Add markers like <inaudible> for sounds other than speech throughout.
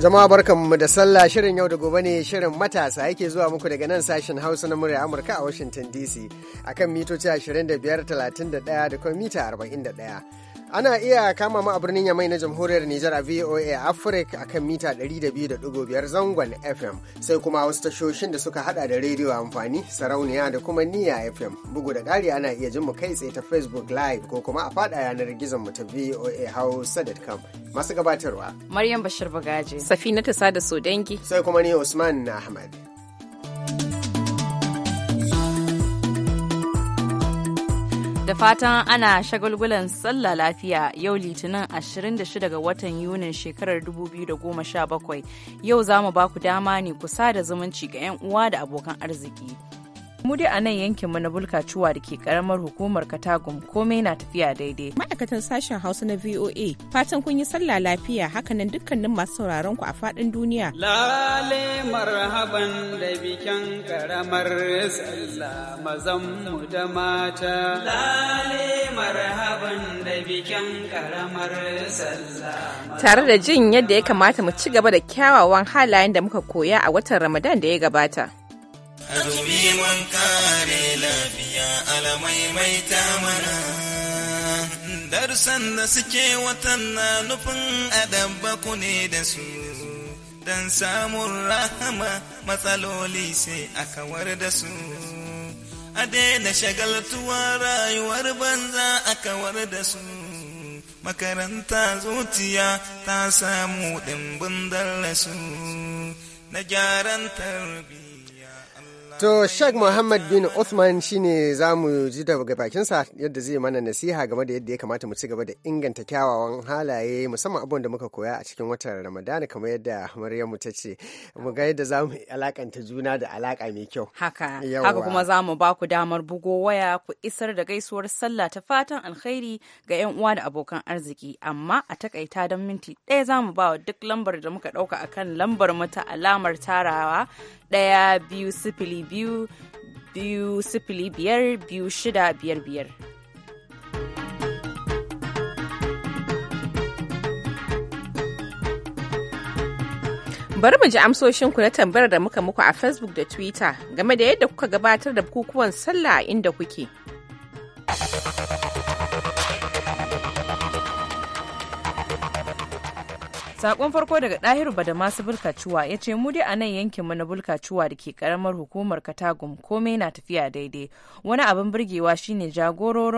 Jama'a barkanmu da sallah shirin yau da gobe ne shirin matasa yake zuwa muku daga nan sashen Hausa na murya Amurka a Washington DC akan mitoci 25, 31 da kuma mita 41. Ana iya kama mu a birnin Yamai na Jamhuriyar Nijar a VOA Africa a kan mita 200.5 zangon FM sai kuma wasu tashoshin da suka hada da rediyo amfani sarauniya da kuma niya FM. Bugu da ƙari ana iya jin mu kai tsaye ta Facebook Live ko kuma a fada yanar gizon mu ta VOA Hausa.com. Masu gabatarwa. Maryam Bashir Bagaje. Safina ta sada dangi Sai kuma ni Usman Ahmad. Da fatan ana shagulgulan sallah lafiya yau litinin 26 ga watan Yunin shekarar 2017 yau za mu ba ku dama ne kusa da zumunci ga 'yan uwa da abokan arziki. mu dai a nan yankinmu na bulkacuwa da ke karamar hukumar katagum komai na tafiya daidai ma'aikatan sashen hausa na voa fatan kun yi sallah lafiya hakanan dukkanin masu sauraron ku a faɗin duniya lale marhaban da bikin karamar mazan mu da mata lale marhaban da bikin karamar tare da jin yadda ya kamata mu ci gaba da kyawawan halayen da muka koya a watan ramadan da ya gabata azumi mun kare lafiya alamaimaita mana darussan da suke watan na nufin adabba ku ne da su don samun rahama matsaloli sai a kawar da su a daina shagaltuwa rayuwar banza a kawar da su makaranta zuciya ta samu dimbin darasu na gyaran tarbiyya To Sheikh Muhammad bin Uthman shine za mu ji daga bakinsa yadda zai mana nasiha game da yadda ya kamata mu ci gaba da inganta kyawawan halaye musamman abin da muka koya a cikin watan Ramadana kamar yadda Maryamu ta ce mu ga yadda za mu alakanta juna da alaka mai kyau. Haka haka kuma za ba ku damar bugo waya ku isar da gaisuwar sallah ta fatan alkhairi ga yan uwa da abokan arziki amma a takaita don minti ɗaya zamu mu ba wa duk lambar da muka ɗauka akan lambar mata alamar tarawa ɗaya biyu sifili biyu biyu sifili biyar biyu shida biyar biyar. Bari mu ji amsoshinku na tambayar da muka muku a Facebook da Twitter game da yadda kuka gabatar da bukukuwan sallah inda kuke. sakon farko daga ɗahiru badamasu bulkacuwa ya ce mu dai a nan yankin mu na bulkacuwa da ke karamar hukumar katagum komai na tafiya daidai wani abin burgewa shine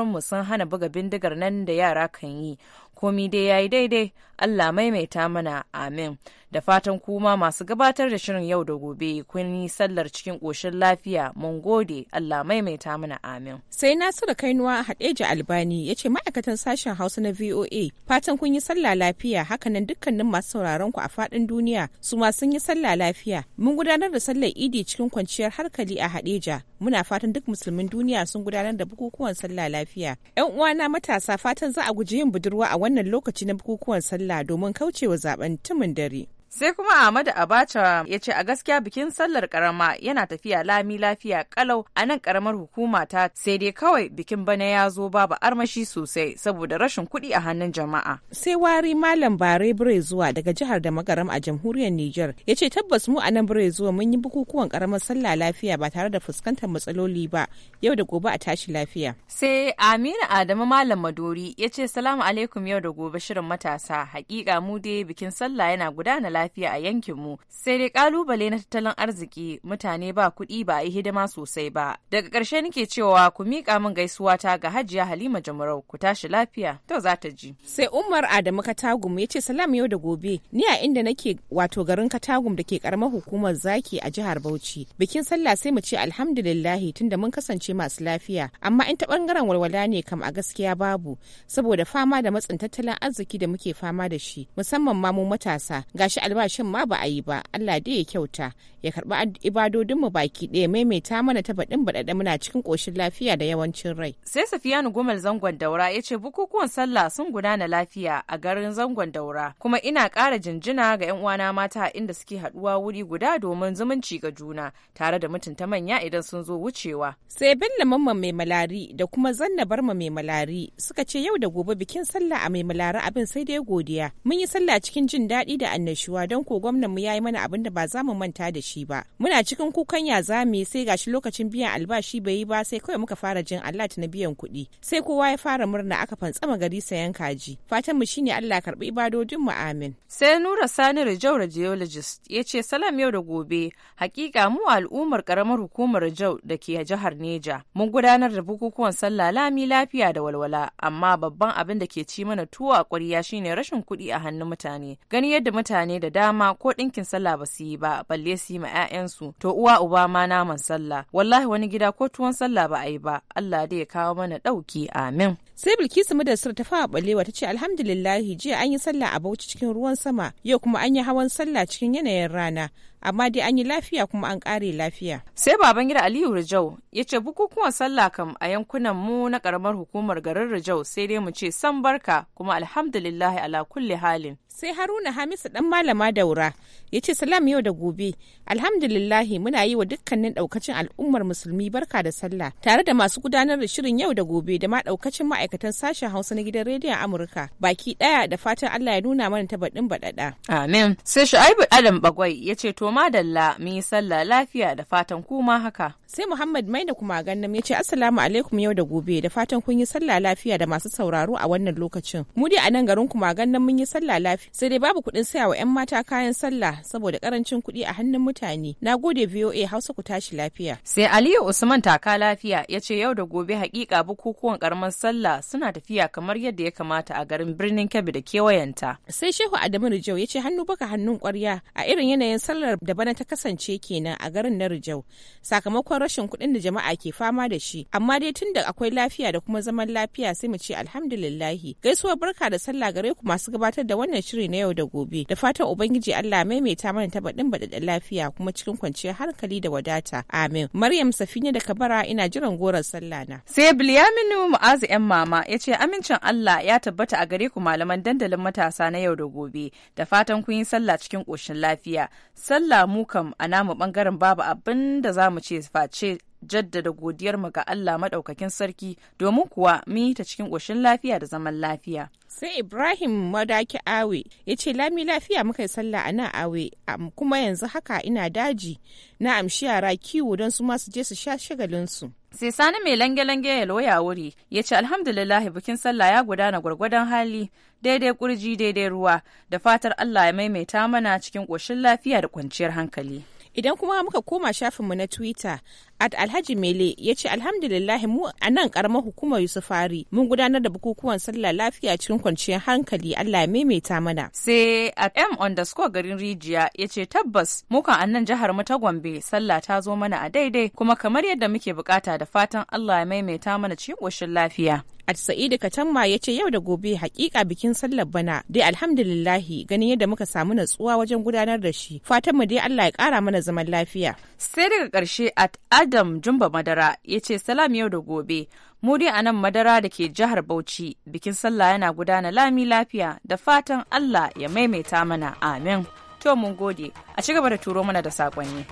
mu sun hana buga bindigar nan da yara kan yi komi dai yayi daidai Allah maimaita mana amin da fatan kuma masu gabatar da shirin yau da gobe kun yi sallar cikin ƙoshin lafiya mun gode Allah maimaita mana amin sai Nasiru Kainuwa Hadeja Albani ya ce ma'aikatan sashen Hausa na VOA fatan kun yi sallah lafiya hakanan dukkanin masu sauraron ku a faɗin duniya su ma sun yi sallah lafiya mun gudanar da sallar Idi cikin kwanciyar hankali a Hadeja muna fatan duk musulmin duniya sun gudanar da bukukuwan sallah lafiya yan uwana matasa fatan za a guji yin budurwa a wannan lokaci na bukukuwan sallah domin kaucewa zaben tumin dare. Sai kuma Ahmadu Abacha ya ce a gaskiya bikin sallar karama yana tafiya lami lafiya kalau a nan karamar hukuma ta sai dai kawai bikin bana ya zo babu armashi sosai saboda rashin kuɗi a hannun jama'a. Sai wari Malam Bare zuwa daga jihar da magaram a jamhuriyar Nijar ya ce tabbas mu a nan zuwa mun yi bukukuwan karamar sallah lafiya ba tare da fuskantar matsaloli ba yau da gobe a tashi lafiya. Sai Aminu Adamu Malam Madori ya ce salamu alaikum yau da gobe shirin matasa hakika mu dai bikin sallah yana gudana lafiya. lafiya a yankinmu sai dai kalubale na tattalin arziki mutane ba kuɗi ba a yi hidima sosai ba daga ƙarshe nake cewa ku miƙa min gaisuwa ta ga hajiya halima jamarau ku tashi lafiya to za ta ji sai umar adamu katagum ya ce salam yau da gobe ni a inda nake wato garin katagum da ke karamar hukumar zaki a jihar bauchi bikin sallah sai mu ce alhamdulillahi tunda mun kasance masu lafiya amma in ta bangaren walwala ne kam a gaskiya babu saboda fama da matsin tattalin arziki da muke fama da shi musamman ma mu matasa gashi albashin ma ba a yi ba Allah dai ya kyauta ya karɓi mu baki ɗaya maimaita mana ta baɗin baɗaɗa muna cikin ƙoshin lafiya da yawancin rai. Sai Safiyanu Gumal zangon daura ya ce bukukuwan sallah sun gudana lafiya a garin zangon daura kuma ina ƙara jinjina ga 'yan uwana mata inda suke haɗuwa wuri guda domin zumunci ga juna tare da mutunta manya idan sun zo wucewa. Sai Bello Mamman mai malari da kuma Zanna Barma mai malari suka ce yau da gobe bikin sallah a mai malari abin sai dai godiya. Mun yi sallah cikin jin daɗi da annashuwa cewa don ko gwamnanmu ya yi mana abin da ba za mu manta da shi ba muna cikin kukan ya za mu sai gashi lokacin biyan albashi bai yi ba sai kawai muka fara jin Allah na biyan kuɗi sai kowa ya fara murna aka fantsama gari sayan kaji fatan mu shine Allah karbi ibadodin mu amin sai Nura Sani Rajau radiologist ya ce salam yau da gobe hakika mu al'ummar karamar hukumar Rajau da ke jihar Neja mun gudanar da bukukuwan sallah lami lafiya da walwala amma babban abin da ke ci mana tuwo a ƙwarya shine rashin kuɗi a hannun mutane gani yadda mutane da dama ko ɗinkin sallah ba su yi ba balle su yi ma 'ya'yansu to uwa uba ma naman sallah wallahi wani gida ko tuwon sallah ba a yi ba Allah dai ya kawo mana ɗauki amin. sai bilkisu madassar ta fawa balewa ta ce alhamdulillahi jiya an yi sallah a bauchi cikin ruwan sama yau kuma an yi hawan sallah cikin yanayin rana amma dai an yi lafiya kuma an ƙare lafiya. Sai baban gida Aliyu Rijau ya ce bukukuwan sallah kam a yankunan mu na karamar hukumar garin Rijau sai dai mu ce san barka kuma alhamdulillahi ala kulli halin. Sai Haruna Hamisu ɗan malama daura ya ce salam yau da gobe alhamdulillahi muna yi wa dukkanin ɗaukacin al'ummar musulmi barka da sallah tare da masu gudanar da shirin yau da gobe da ma ɗaukacin ma'aikatan sashen Hausa na gidan rediyon Amurka baki ɗaya da fatan Allah ya nuna mana ta baɗin baɗaɗa. Amin. Sai Shu'aibu Adam Bagwai ya ce to madalla mun yi sallah lafiya da fatan kuma haka. Sai Muhammad Maina kuma gannam ya ce Assalamu alaikum yau da gobe da fatan kun yi sallah lafiya da masu sauraro a wannan lokacin. Mu dai a nan garin kuma gannam mun yi sallah lafiya sai dai babu kuɗin saya wa 'yan mata kayan sallah saboda karancin kuɗi a hannun mutane. Na gode VOA Hausa ku tashi lafiya. Sai Aliyu Usman taka lafiya ya ce yau da gobe hakika bukukuwan karamar sallah suna tafiya kamar yadda ya kamata a garin birnin Kebbi da kewayenta. Sai Shehu Adamu Rijau ya ce hannu baka hannun kwarya a irin yanayin sallar da bana ta kasance kenan a garin na Rijau sakamakon rashin kuɗin da jama'a ke fama da shi amma dai tunda akwai lafiya da kuma zaman lafiya sai mu ce alhamdulillahi gaisuwar barka da sallah gare ku masu gabatar da wannan shiri na yau da gobe da fatan ubangiji Allah maimaita mana ta baɗin baɗaɗɗen lafiya kuma cikin kwanciyar hankali da wadata amin Maryam Safiya da Kabara ina jiran goron sallah na sai Bilyaminu Mu'azu yan mama ya ce amincin Allah ya tabbata a gare ku malaman dandalin matasa na yau da gobe da fatan kun yi sallah cikin koshin lafiya sallah Allah mu kam a namu bangaren babu abin da za mu ce face jaddada godiyarmu ga Allah maɗaukakin sarki domin kuwa mun yi ta cikin ƙoshin lafiya da zaman lafiya. Sai Ibrahim Madaki Awe yace ce lami lafiya muka yi sallah a nan Awe kuma yanzu haka ina daji na amshi yara kiwo don su ma su je su sha shagalinsu. sai sani mai lange-lange ya loya wuri ya ce alhamdulillahi bikin sallah ya gudana gwargwadon hali daidai kurji daidai ruwa da fatar allah ya maimaita mana cikin ƙoshin lafiya da kwanciyar hankali idan kuma muka koma shafinmu na twitter at alhaji mele ya ce "Alhamdulillah mu a nan karamar hukumar yusufari mun gudanar da bukukuwan sallah lafiya cikin kwanciyar hankali allah ya maimaita mana sai at m underscore garin rijiya ya ce tabbas mukan a nan jihar mu ta gombe sallah ta zo mana a daidai kuma kamar yadda muke bukata da fatan allah ya maimaita mana cikin koshin lafiya at sa'idu katamma ya ce yau da gobe hakika bikin sallar bana dai alhamdulillahi ganin yadda muka samu natsuwa wajen gudanar da shi fatanmu dai allah ya kara mana zaman lafiya sai daga karshe at Adam Jumba Madara ya ce salam yau da gobe, mu dai a nan Madara da ke jihar Bauchi, bikin sallah yana gudana lami lafiya da fatan Allah ya maimaita mana amin. To mun gode, a ci gaba da turo mana da saƙonni.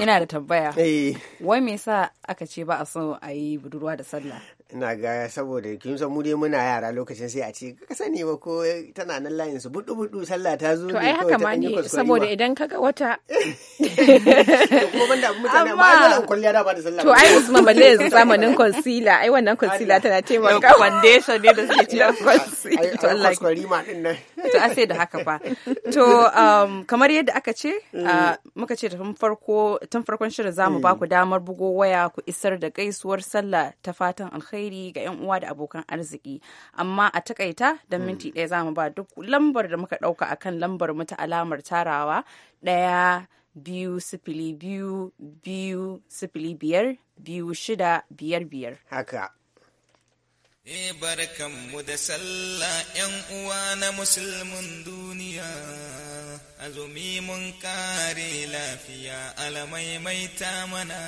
Ina da tambaya. Eh. Wai me sa aka ce ba a so a yi budurwa da sallah? ina ga saboda kin san mu dai muna yara lokacin sai a ce ka sani ba ko tana nan layin su budu budu sallah ta zo ne to ai haka ma ne saboda idan ka ga wata <laughs> kuma banda mutane ma ai wannan kwalliya da ba da sallah to ai Usman balle yanzu zamanin concealer ai wannan concealer tana taimaka foundation ne da suke cewa concealer to Allah kwari ma din nan to a sai da haka fa to um, kamar yadda aka ce mm. uh, muka ce tun farkon shirin za mu mm. ba damar bugo waya ku isar da gaisuwar sallah ta fatan alkhairi ga yan uwa da abokan arziki amma a takaita don mm. minti ɗaya za mu ba duk lambar da muka ɗauka akan lambar mu alamar tarawa ɗaya biyu sifili biyu biyu sifili biyar biyu shida biyar biyar haka E barkanmu da sallah ‘yan uwa na musulmin duniya, azumi mun kare lafiya ta mana.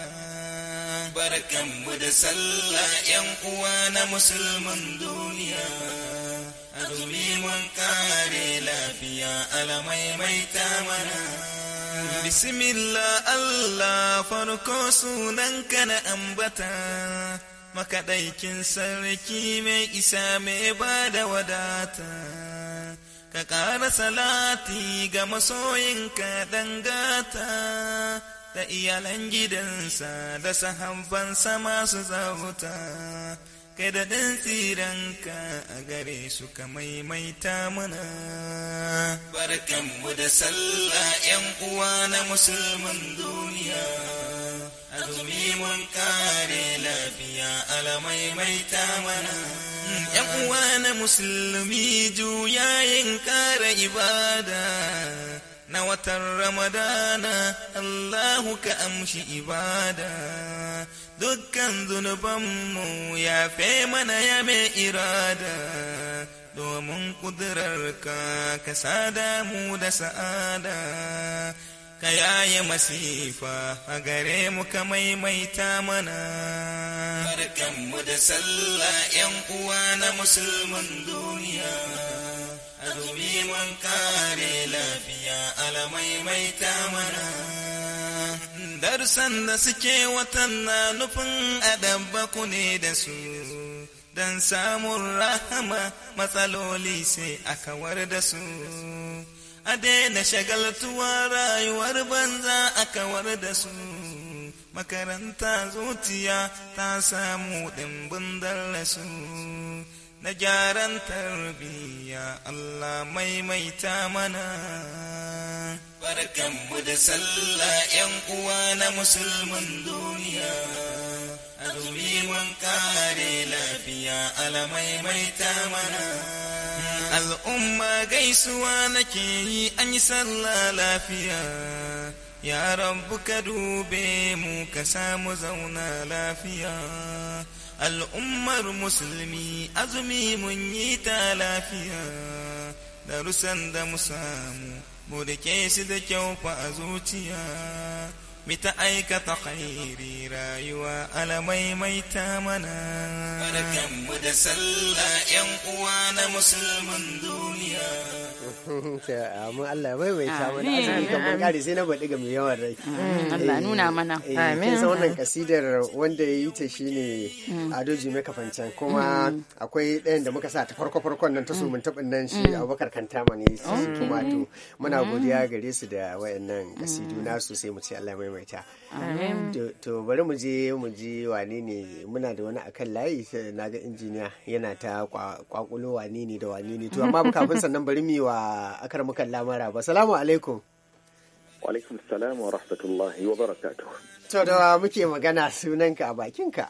Barkanmu da sallah ‘yan uwa na musulmin duniya, azumi mun kare lafiya ta mana. Bismillah Allah farko sunanka na ambata. makaɗaikin sarki mai isa mai ba da wadata ka ƙara salati ga masoyinka ɗan gata da iyalan gidansa da sahabbansa masu zauta kada ɗan tsiranka a gare su ka maimaita mana. Barkanmu da sallah ‘yan uwa na musulman duniya, azumi mun kare lafiya ala maimaita mana. ‘Yan uwa na musulmi juya juyayin kare ibada. na watan ramadana Allahu ka amshi ibada dukkan zunubanmu ya fe mana ya mai irada domin ƙudurarka ka sada mu da sa'ada ka yaye masifa a gare mu ka maimaita mana barkanmu da sallah yan uwa na musulman duniya azumi mun kare lafiya ala maimaita mana darsan da suke watan na nufin adabba ku ne da su don samun rahama matsaloli sai a kawar da su a daina shagaltuwa rayuwar banza a kawar da su makaranta zuciya ta samu ɗimbin dallasu na gyaran tarbiyya Allah maimaita mana. Barkanmu da sallah ‘yan uwa na musulman duniya, azumi mun kare lafiya ala maimaita mana. Al'umma gaisuwa nake yi an yi sallah lafiya. ya rabu ka dube mu ka samu zauna lafiya al'ummar musulmi azumi mun yi ta lafiya darusan da mu samu mu da su da kyau fa a zuciya mita aikata khairi rayuwa ta mana barkanmu da sallah yan uwa na musulman duniya amma Allah ya ta mana azumi kamar kare sai na baɗi ga mai yawan rai Allah nuna mana amin sai wannan kasidar wanda yayi ta shine Ado Jime Kafancan kuma akwai ɗayan da muka sa ta farko farkon nan ta sumun tabin nan shi Abubakar Kantama ne kuma to muna godiya gare su da wayannan kasidu nasu sai mu ce Allah ya maimaita. To bari mu je mu ji wane ne muna da wani akan layi na ga injiniya yana ta kwakulo wane ne da wane ne. To amma kafin sannan bari mu yi wa akar mukan lamara ba. Salamu alaikum. Wa alaikum salam wa rahmatullahi wa barakatuh. To da muke magana sunanka a bakinka.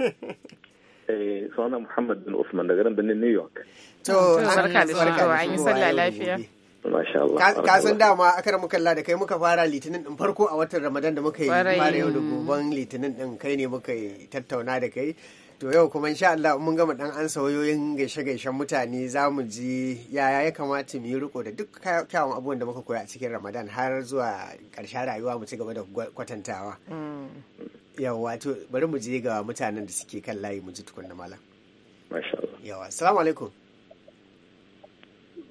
<laughs> Eh, sunana Muhammad bin Usman daga nan birnin New York. To, barka da an yi sallah lafiya. Masha Allah. Ka san dama akara muka da kai muka fara litinin din farko a watan Ramadan da muka yi fara yau da goben litinin din kai ne muka yi tattauna da kai. To yau kuma insha Allah mun gama dan an sauyoyin gaishe-gaishen mutane za mu ji yaya ya kamata mu yi riko da duk kyawun abubuwan da muka koya a cikin Ramadan har zuwa ƙarshen rayuwa mu ci gaba da kwatantawa. Mm. Yawwa to bari mu je ga mutanen da suke kan layi mu ji tukunna malam. Masha Allah. Yawa. Assalamu alaikum.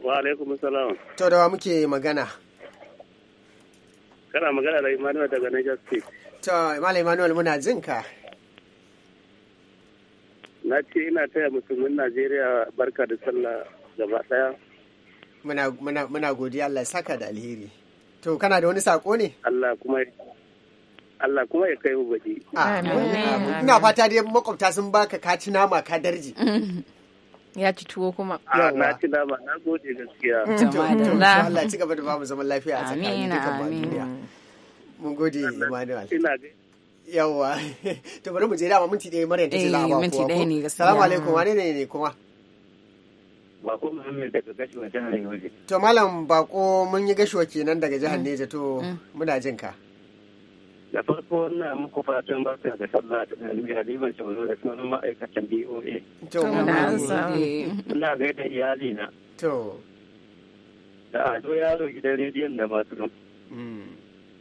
Wa alaikum salam. To da wa muke magana? Kana magana da Emmanuel daga Niger State. To Malam Emmanuel muna jin ka. Na ce ina taya musulmin Najeriya barka da sallah gaba daya. Muna muna muna godiya Allah saka da alheri. To kana da wani sako ne? Allah kuma Allah kuma ya kai mu baɗi. Ina fata dai makwabta sun baka ka ci nama ka darji. <laughs> Ya ci tuwo kuma. A na ci nama na gode gaskiya. Jama'a Allah ci gaba da bamu zaman lafiya a tsakanin dukkan duniya. Mun gode Emmanuel. Ina Yawwa. <laughs> To bari mu je dama minti ɗaya Maryam ta ce za a ba eh, kowa. Minti ɗaya ne gaskiya. Salamu alaikum wane ne ne kuma? Bako mun yi daga Gashuwa jihar Neja. To Malam Bako mun yi gashuwa kenan daga jihar mm. Neja to mm. muna jin ka. da farko na muku fatan barka da sallah da ɗalibiya liban sauro da sauran ma'aikatan boa to na da iyali na to da ado yaro gidan rediyon da su hmm.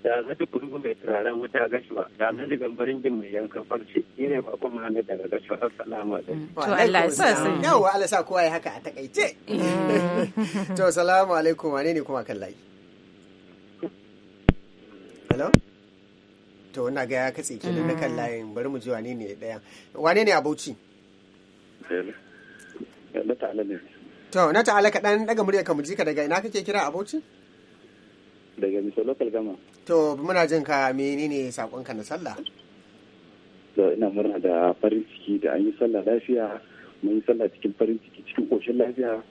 da na duk rubu mai turaren wuta gashuwa da na da gambarin jin mai yanka farce shi ne bakon muhammed daga gashuwa Salama. alaikum to Allah ya sa yawa Allah sa kowa ya haka a takaice eh. <laughs> to salamu alaikum wane ne kuma kan layi hello to wani ga ya katse ke na kan mm. layin bari mu ji wane ne daya wane ne a na ta'ala to na ta'ala ka dan daga murya ka mu ji ka daga ina kake kira a daga miso local gama to muna jin ka menene sakon ka na sallah to ina murna da farin ciki da an yi sallah lafiya mun yi sallah cikin farin ciki cikin koshin lafiya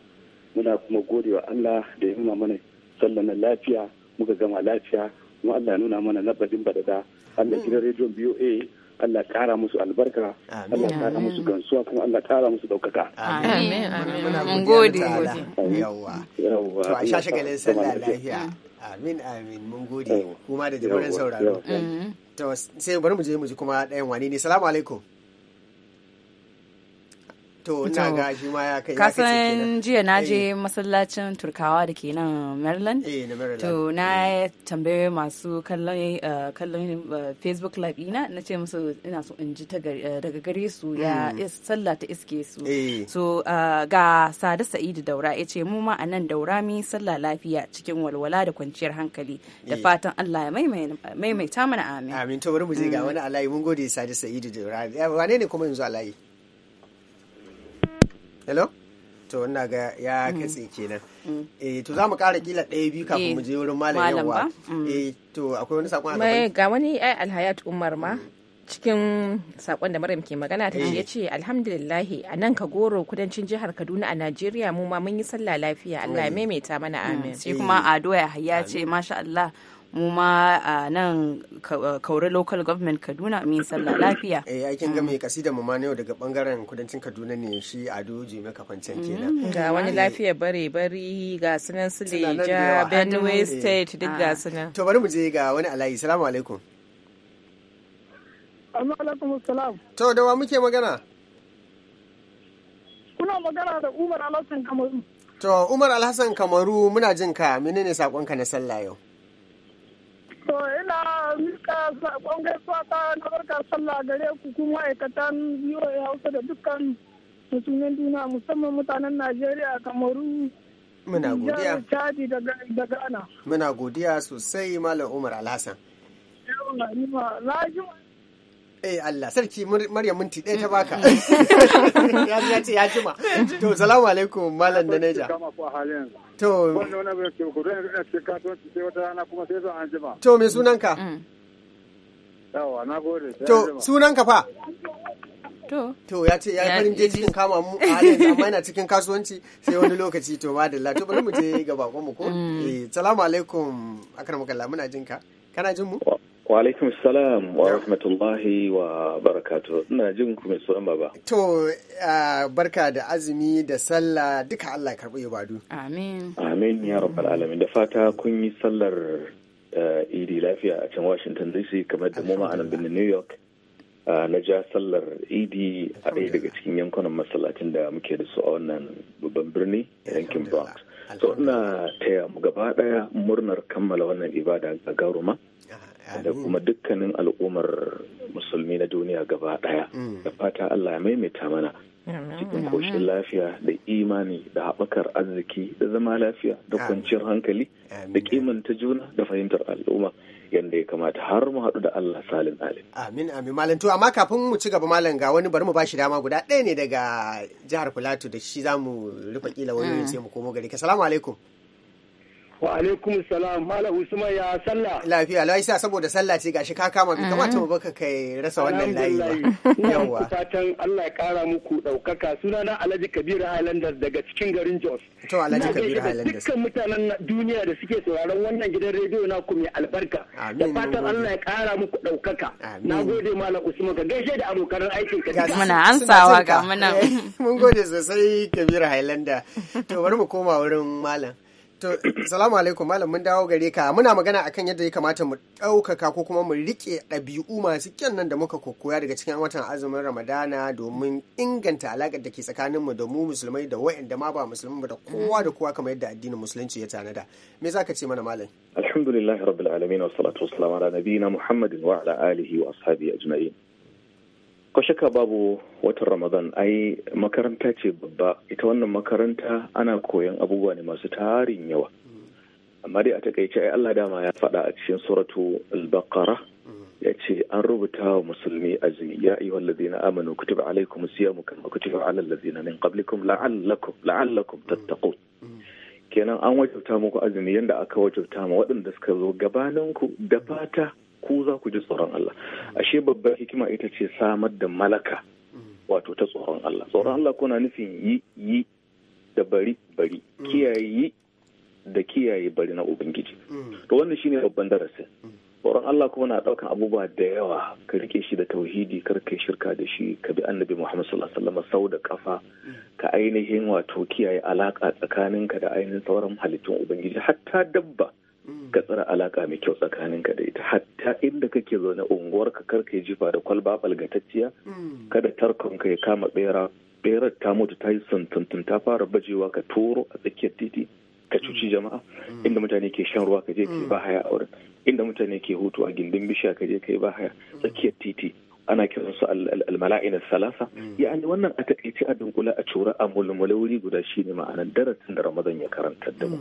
muna kuma wa Allah da ya nuna mana sallah na lafiya muka gama lafiya kuma Allah ya nuna mana na badin badada Allah hmm. gidan rediyon BOA Allah kara musu albarka Allah kara musu gansuwa kuma Allah kara musu daukaka amin amin gode yawa yawa to a shagalin sallah lafiya amin amin mun gode kuma da jabarin sauraro mm. to sai bari mu je mu ji kuma ɗayan wani ne salamu alaikum to ina ga shi ma ya kai ka san jiya na je eh. masallacin turkawa da ke nan maryland eh, to na eh. tambaye masu kallon facebook live ina na ce musu ina so in ji daga gare su ya hmm. sallah ta iske su so ga sada sa'idu daura ya ce mu ma a nan daura mi sallah lafiya cikin walwala da kwanciyar hankali da fatan allah ya maimaita mana amin amin to bari mu je ga hmm. wani alayi mun gode sada sa'idu daura wane ne kuma yanzu alayi hello to ina ga ya mm. katse kenan mm. eh to za mu kara kila ɗaya biyu kafin eh, mu je wurin malam yawa mm. eh to akwai wani sakon a ga wani ai eh, alhayat umar ma cikin sakon da Maryam ke magana ta ya ce yace alhamdulillahi a nan ka goro kudancin jihar Kaduna a Najeriya mu ma mun yi sallah lafiya Allah ya maimaita mana amin sai kuma eh. Ado ya ce masha Allah mu ma a nan kauri local government kaduna amin sallah lafiya eh aikin ga mm. mai kasida mu ma ne daga bangaren kudancin kaduna ne shi ado jime kafancen kenan mm, ga wani lafiya bare bari ga sunan su ja benue state duk ga ah. sunan to bari mu je ga wani alayi assalamu alaikum alaikum assalam to da wa muke magana kuna magana da umar alhassan kamaru to umar alhassan kamaru muna jin ka menene sakonka na sallah yau To ina mika saƙon gaisuwa ta na barka sallah gare ku kun ma'aikatan ya Hausa da dukkan mutumin duniya musamman mutanen Najeriya kamaru Muna godiya. Chadi da Ghana. Muna godiya sosai Malam Umar Alhassan. Yau na ji Eh Allah sarki Maryam minti ɗaya ta baka. Mm. <laughs> Ya ya ce ya jima. <laughs> To salamu alaikum malam da Neja. To To me sunanka? Mm. Yawa na gode. To sunanka fa? To. To ya ce ya farin je cikin kama mu a halin amma yana <laughs> cikin kasuwanci sai wani lokaci to ba da to bari mu je ga bakon mu ko. Mm. Eh salamu alaikum akramukallah muna jinka. Kana jin mu? Wa alaikum salam wa rahmatullahi wa barakatu. Ina jin ku mai tsoron baba. To barka da azumi da sallah duka Allah ya karɓi ibadu. Amin. Amin ya rabbal alamin. Da fata kun yi sallar idi lafiya a can Washington DC kamar da mu ma'anan birnin New York. na ja sallar idi a ɗaya daga cikin yankunan masallacin da muke da su a wannan babban birni yankin bronx so ina taya mu gaba ɗaya murnar kammala wannan ibada gagaruma da kuma dukkanin al'ummar musulmi na duniya gaba daya mm. da fata Allah ya maimaita mana cikin koshin lafiya da imani da haɓakar arziki da zama lafiya da kwanciyar hankali da kimanta juna da fahimtar al'umma yadda ya kamata har mu haɗu da Allah salin alim. Amin amin malam to amma kafin mu ci gaba malam ga wani bari mu bashi dama guda ɗaya ne daga jihar Filato da shi zamu rufe kila wani mm. sai mu komo gari. Assalamu alaikum. wa alaikum salam malam usman ya sallah lafiya lafiya saboda sallah ce gashi ka kama bi kamata mm-hmm. mu baka kai rasa wannan layi ba yawa fatan Allah ya kara muku daukaka sunana Alhaji Kabir Highlanders daga cikin garin Jos to Alhaji Kabir Highlanders dukkan mutanen duniya da suke sauraron wannan gidan rediyo na ku mai albarka da fatan Allah ya kara muku daukaka nagode malam usman ka gaishe da abokan aikin ka ga muna ansawa <laughs> ga muna mun gode sosai Kabir Highlander to bari mu koma wurin malam To, salamu alaikum malam mun dawo gare ka. Muna magana akan yadda ya kamata mu ɗaukaka ko kuma mu rike ɗabi'u masu kyan nan da muka koya daga cikin watan azumin Ramadana domin inganta alaƙar da ke tsakaninmu da mu musulmai da wa'anda ma ba musulmai ba da kowa da kowa kamar yadda addinin musulunci ya tanada. Me za ka ce mana malam? alhamdulilahi rabbil alamin wa salatu wa ala nabiyina Muhammadin wa ala alihi wa ashabihi ajma'in. ko shaka babu watan ramadan ai makaranta ce babba ita wannan makaranta ana koyan abubuwa ne masu tarin yawa amma dai a takaice ai Allah dama ya faɗa a cikin suratu al-baqara ya ce an rubuta wa musulmi azumi ya ayyuha allazina amanu kutiba alaykum siyamu kama kutiba ala allazina min qablikum la'allakum la'allakum tattaqun kenan an wajabta muku azumi yadda aka wajabta ma waɗanda suka zo gabaninku da fata ku za ku ji tsoron Allah ashe babbar hikima ita ce samar da malaka wato ta tsoron Allah tsoron Allah kuna nufin yi yi da bari bari kiyaye yi da kiyaye bari na ubangiji to wannan shine babban darasin tsoron Allah kuma na ɗaukan abubuwa da yawa ka rike shi da tauhidi kar ka shirka da shi ka bi annabi Muhammad sallallahu alaihi wasallam sau da kafa ka ainihin wato kiyaye alaka tsakaninka da ainihin sauran halittun ubangiji hatta dabba ka tsara alaka mai kyau tsakanin ka da ita hatta inda kake zaune unguwarka kar ka jifa da kwalba balgatacciya mm. kada tarkon ka ya kama bera berar ta mutu ta yi santuntun ta fara bajewa ka toro a tsakiyar titi ka cuci mm. jama'a mm. inda mutane ke shan ruwa ka je ka yi ba haya a wurin inda mutane ke hutu a gindin bishiya ka je ka yi ba haya tsakiyar titi ana kiran su almala'in salasa yani wannan a takaice a dunkula a cura a mulmula guda shine ma'anar darasin da ramadan ya karanta da mu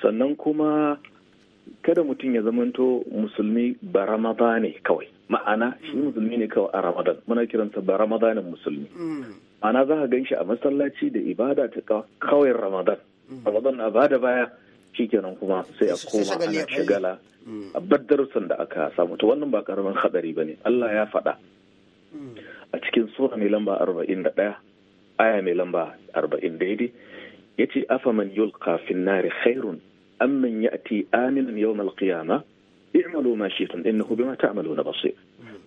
sannan kuma kada mutum ya zamanto musulmi ba ramada ne kawai ma'ana shi musulmi ne kawai a ramadan muna kiransa ba ramadanin musulmi ma'ana za ka gan shi a masallaci da ibada ta kawai ramadan mm. ramadan na bada baya shi kenan kuma sai a koma ana shigala mm. a baddarsun da aka samu to wannan ba karamin hadari bane Allah ya faɗa mm. a cikin sura mai lamba da 41 aya mai lamba arba'in daidai yace afaman yulqa fin khairun أمن يأتي آمنا يوم القيامة i'malu ma shi'tum innahu bima ta'maluna basir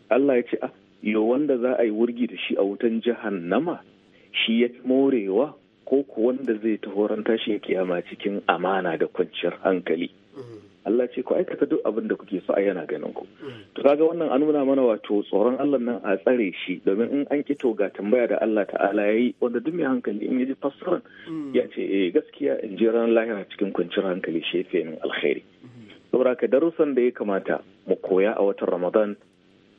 Allah ya ce a yo wanda za a yi wurgi da shi a wutan jahannama shi ya morewa ko ku wanda zai taho ran tashin kiyama cikin amana da kwanciyar hankali Allah ce ku aikata duk abin da kuke so a yana ganin ku to kaga wannan an nuna mana wato tsoron Allah nan a tsare shi domin in an kito ga tambaya da Allah ta'ala yi wanda duk mai hankali in yaji fassaran mm. ya ce eh gaskiya in ji ran lahira cikin kwanciyar hankali shefe min alkhairi mm-hmm. saboda ka darussan da ya kamata mu koya a watan Ramadan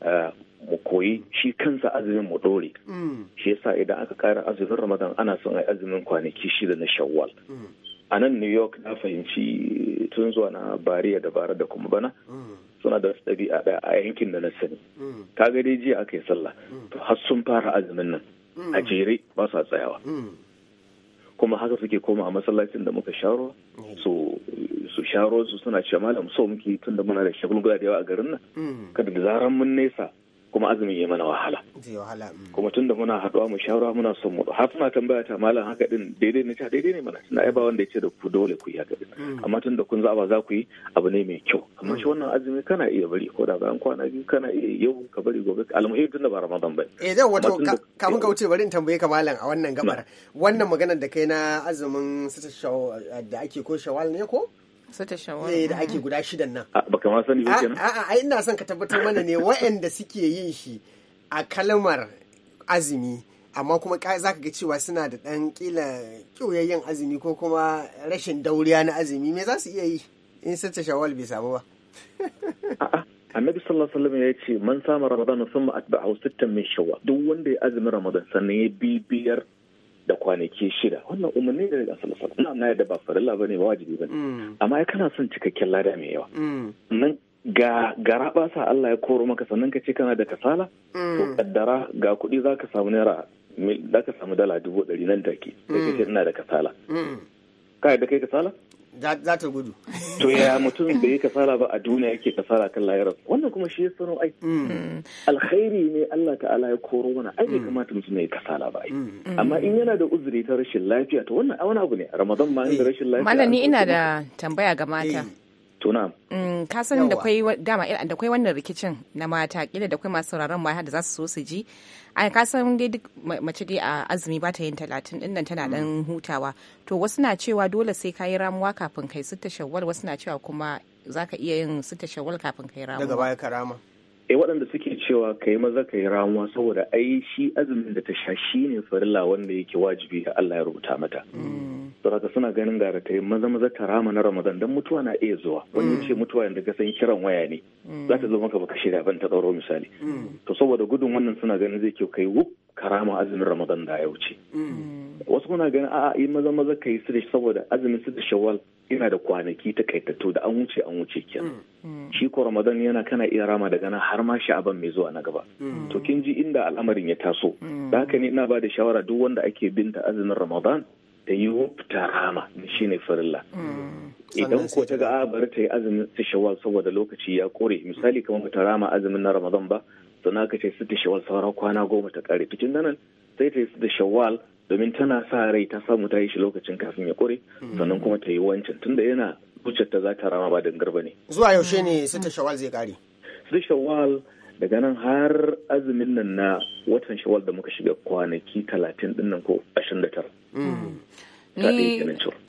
eh, mu koyi shi kansa azumin mu dore mm. shi yasa idan aka kara azumin Ramadan ana son ai azumin kwanaki shida na Shawwal mm. a nan new york na fahimci tun zuwa na bariya da bara da kuma bana suna da wasu ɗabi'a ɗaya a yankin da na sani ka ga jiya aka yi sallah to har sun fara azumin nan a jere ba su tsayawa kuma haka suke koma a masallacin da muka sharo su su sharo su suna ce malam so muke tun da muna da shagulgula da yawa a garin nan kada da zaran mun nesa kuma azumin ya mana wahala mm. kuma tun da muna haɗuwa mu shawara muna son mu har ma tambaya ta malam haka din daidai ne ta daidai ne mana suna ai ba wanda yace da ku dole ku yi haka din mm. amma da kun zaba za ku yi abu ne mai kyau amma shi mm. wannan azumi kana iya bari ko da bayan kwana biyu kana iya yau ka bari gobe almuhim da ba ramadan ba eh zan wato kafin ka wuce bari in tambaye ka malam a wannan gabar wannan maganar da kai na azumin da ake ko shawal ne ko sata shawara eh da ake guda shidan nan ah, ba kamar sani ba ah, kenan a'a ah, ina son ka tabbatar mana ne waɗanda suke yin shi a kalmar azumi amma kuma za ka ga cewa suna da ɗan ƙila ƙiyoyayyen azumi ko kuma rashin dauriya na azumi me za su iya yi in sata shawal bai samu ba <laughs> annabi sallallahu alaihi wasallam ya ce man sama ramadan sun ma'atba'ahu sittan min shawwal duk wanda ya azumi ramadan sannan ya bibiyar da kwanaki shida wannan umarni ne daga sama sama na yadda ba farilla bane ba wajibi bane mm. amma ya kana son cikakken lada mai yawa mm. nan ga gara basa Allah ya koro maka sannan ka ce kana da kasala mm. to kaddara ga kuɗi ka samu naira ka samu dala dubu ɗari nan take ke ce ina da kasala kai da kai kasala za ta gudu to ya mutum da ya kafara ba a duniya yake kafara kan lahira wannan kuma shi ya sanu ai mm. alkhairi ne Allah ta'ala ya koro mana ai mm. kamata mutum ya kafara ba ai mm. amma in yana da uzuri ta rashin lafiya to wannan wani abu ne ramadan ma da eh. rashin lafiya ni ina da tambaya ga mata eh. tuna. Mm, ka sanin da kwai dama da kwai wannan rikicin na mata kila da kwai masu sauraron mata da za su so su ji a ka san dai duk mace dai a azumi ba ta yin talatin din nan tana dan mm. hutawa to wasu na cewa dole sai ka yi ramuwa kafin kai sitta shawwal wasu na cewa kuma zaka iya yin sitta shawwal kafin kai ramuwa daga baya karama eh waɗanda suke cewa ka yi maza ka yi ramuwa saboda ai shi azumin da ta sha shi ne farilla wanda yake wajibi da Allah ya rubuta mata. Mm. Saboda suna ganin gara ta yi maza maza ta rama na Ramadan don mutuwa na iya zuwa. Wani ce mm. mutuwa yadda ka san kiran waya ne. Mm. Za ta zo maka baka shirya ban ta tsaro misali. To saboda gudun wannan suna ganin zai kyau ka yi wuk karama azumin ramadan da ya wuce mm. wasu kuna ganin a'a yi maza maza kai su da saboda azumin su da shawal yana da kwanaki ta takaitattu da an wuce an wuce kenan mm. Mm. shi ko ramadan yana kana iya rama da nan har ma sha'aban mai zuwa na gaba to kin ji inda al'amarin ya taso da haka ne ina ba da shawara duk wanda ake binta azumin ramadan da yi ta rama ne farilla idan ko ta ga a bari ta yi azumin su saboda lokaci ya kore misali kamar ta rama azumin na ramadan ba sannan aka ce da shawal sauran kwana goma ta kare cikin nan sai ta yi su da shawal domin tana sa rai ta samu ta yi shi lokacin kafin ya kure hmm. sannan kuma ta yi wancan tunda yana hujjar za ta rama ba da garba ne. Zuwa yaushe ne da shawal zai kare? su da shawal daga nan har azumin nan na watan shawal da muka shiga kwanaki talatin din nan ko ashirin da tara. Hmm. Ni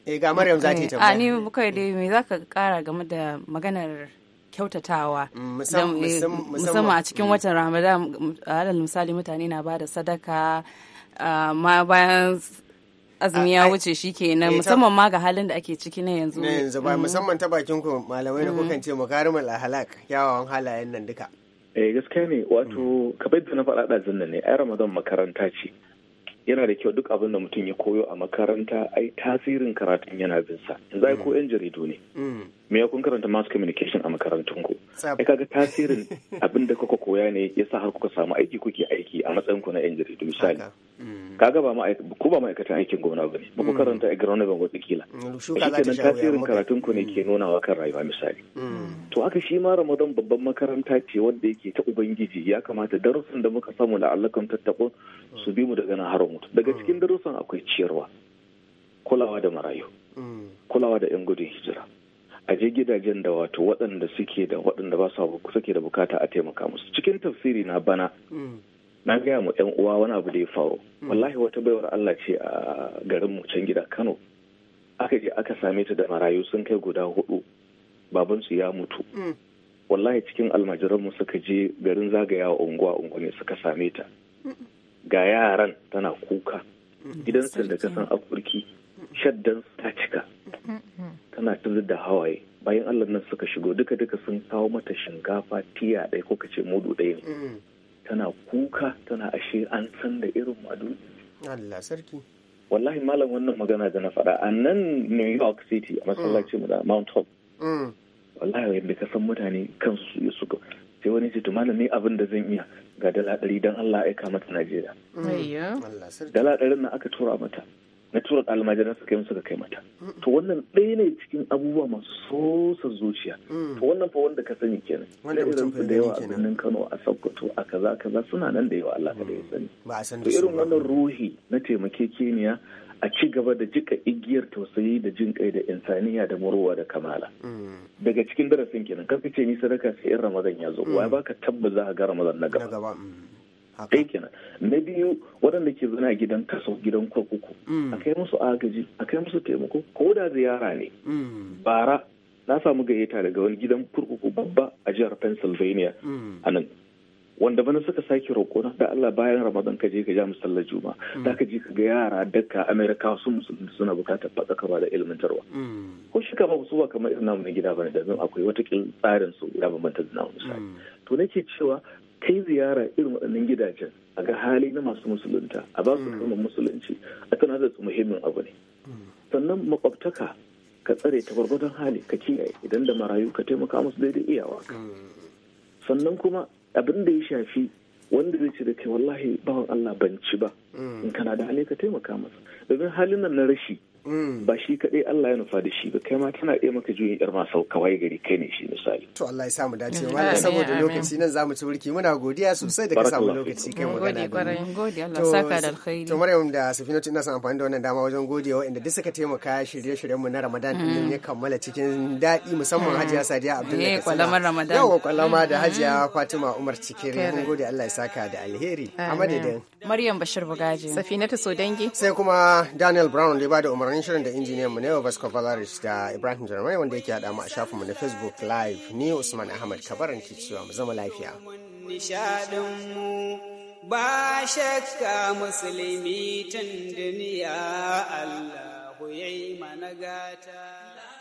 eh, ga Maryam za ta yi eh, tambaya. A ni muka dai me za kara game da maganar kyautatawa mm, musamman a cikin mm. watan ramadan alal misali mutane na ba da sadaka ma bayan azumi ya wuce shi kenan eh, musamman ma ga halin da ake ciki na yanzu na yanzu ba mm-hmm. musamman ta bakin ku malamai da kukan mm-hmm. ce makarimul ahlak kyawawan halayen nan duka eh gaskiya ne wato mm. kabar da na faɗa ɗazin nan ne ai ramadan makaranta ce yana da kyau duk abin da mutum ya koyo a makaranta ai tasirin karatun yana bin sa yanzu ai ko yan jaridu ne me ya kun karanta mass communication a makarantun ku ai kaga tasirin <laughs> abin da kuka koya ne yasa har kuka samu aiki kuke aiki a matsayin ku na yan jaridu misali mm. kaga ba ku ba ma'aikatan aikin gwamna bane ba ku mm. karanta level ba kila shi kenan tasirin karatun ku ne ke mm. nunawa kan rayuwa misali to haka shi ma ramadan babban makaranta ce wanda yake ta ubangiji ya kamata darussan da muka samu da allakan tattako su bi mu daga nan har mutu daga cikin darussan akwai ciyarwa kulawa da marayu kulawa da yan gudun hijira a je gidajen da wato waɗanda suke da waɗanda ba su suke da bukata a taimaka musu cikin tafsiri na bana mm. na gaya mu yan uwa wani abu da ya faru mm. wallahi wata baiwar Allah ce a garin mu can gida Kano aka je aka same ta da marayu sun kai guda hudu babansu ya mutu mm. wallahi cikin mu suka je garin zagayawa unguwa unguwa ne suka same ta ga yaran tana kuka gidansu da kasan afurki shaddan ta cika tana ta da hawaye bayan allah nan suka shigo duka duka sun kawo mata shinkafa tiya ɗaya ko kace mudu ɗaya ne tana kuka tana ashe an san da irin madu Allah sarki wallahi malam wannan magana da na faɗa a nan new york city a masallacin mu da mount hope mm. wallahi yadda ka san mutane kansu su. suka sai wani jitu to malami abin da zan iya ga dala ɗari don Allah aika mata Najeriya. Mm. Dala ɗarin na aka tura mata. na turan almajiran su yi musu ka kai mata to wannan ɗaya ne cikin abubuwa masu sosa zuciya mm. to wannan fa wanda ka sani kenan wanda mutum fa da yawa a birnin Kano a Sokoto a kaza kaza suna nan da yawa Allah ka mm. da ya sani to irin wannan ruhi na keniya a ci gaba da jika igiyar tausayi da jin kai da insaniya da murwa da kamala mm. daga cikin darasin kenan karka ce ni sadaka sai in ramadan ya zo wai baka tabba za ka ga ramadan na gaba kenan na biyu waɗanda ke zana gidan kaso gidan kurkuku mm. a kai musu agaji a kai musu taimako ko da ziyara ne mm. bara na samu gayyata daga wani gidan kurkuku babba a jihar pennsylvania mm. a nan wanda bana suka sake roƙo na da Allah bayan Ramadan ka je ka ja musallar juma da ka je ka ga yara dukka Amerika su musulmi suna bukatar fadakarwa da ilmantarwa ko shi kama su ba kamar irin namu na gida bane da akwai wata tsarin su ya bambanta da namu misali to nake cewa kai ziyara irin waɗannan gidajen a ga hali na masu musulunta a ba su mm. kalmar musulunci a tana da su muhimmin abu ne mm. sannan makwabtaka ka tsare ta gwargwadon hali ka kiyaye idan da marayu ka taimaka musu daidai iyawa mm. sannan kuma abin da ya shafi wanda zai ce da kai wallahi bawan Allah ban ci ba in kana da hali ka taimaka masa domin halin nan na rashi ba shi kaɗai Allah ya nufa da shi ba kai ma tana iya maka juyin yar masau kawai gari kai ne shi misali to Allah ya samu dace wannan saboda lokaci nan zamu ci burki muna godiya sosai da ka samu lokaci kai magana gode Allah saka da alkhairi to Maryam da tun ina son amfani da wannan dama wajen godiya waɗanda duk suka taimaka shirye-shiryen mu na Ramadan din ne mm. kammala cikin dadi musamman mm. Hajiya Sadiya Abdullahi eh, Kasala kwalamar Ramadan yawa kwalama da mm. Hajiya Fatima Umar Cikere mun gode Allah ya saka da alheri a dai Maryam Bashir Bugaji so Sodangi sai kuma Daniel Brown da ba bada umarni sauraron shirin da injiniyan mu Neo Vasco Valaris da Ibrahim Jarmai wanda yake hada mu a shafinmu na Facebook Live ni Usman Ahmad Kabaran ke cewa mu zama lafiya. mu Ba shakka musulmi tun duniya Allah ya yi mana gata.